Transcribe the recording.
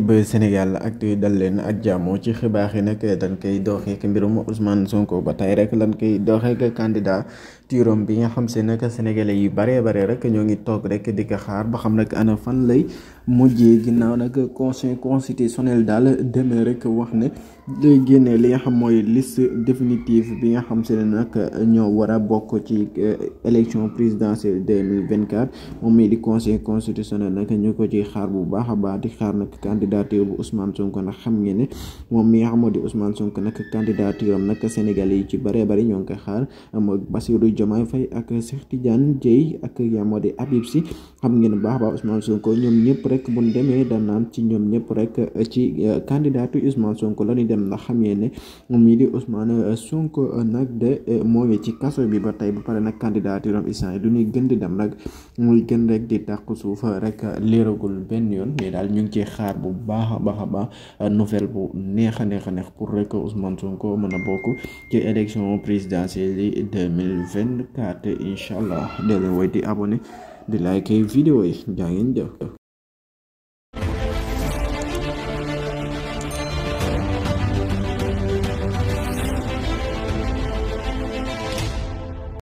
Buzz Sénégal Actu dal leen ak jàmm ci xibaar yi nag dañ koy doxee ak mbirum Ousmane Sonko ba tey rek lan koy doxee ak turam bi nga xam si nag sénégalais yu baree bare rek ñoo ngi toog rek di ko xaar ba xam nag ana fan lay mujjee ginnaaw nag conseil constitutionnel daal demee rek wax ne day génnee li nga xam mooy list definitive bi nga xam si ne nag ñoo war a bokk ci eh, élection présidentielle 2024 moom mii di conseil constitutionnel nag ñu ko ci xaar bu baax a baax di xaar nag candidature bu Ousmane Sonko nag xam ngeen ne moom mi nga xam moo di Ousmane Sonko nag candidature am nag sénégalais yi ci baree bari ñoo ngi koy xaar mooy Bassirou Diomaye Faye ak Cheikh Tidiane Dièye ak yaa moo di Habib Sy xam ngeen baax baax Ousmane Sonko ñoom ñëpp rek buñ demee da naan ci ñoom ñëpp rek ci euh, la ñu dem ndax xam ngeen ne moom ñii di Ousmane euh, Sonko euh, nag de moo ci kaso bi ba tey ba pare nag candidature am isaan yi du ñuy gën di dem nag muy gën rek di tàq suuf rek leeragul benn yoon mais daal ñu ngi ciy xaar bu baax a a baax nouvelle bu neex a neex neex pour rek Ousmane Sonko mën a bokk ci élection présidentielle benn carte incha allah delloo way di abonné di like vidéo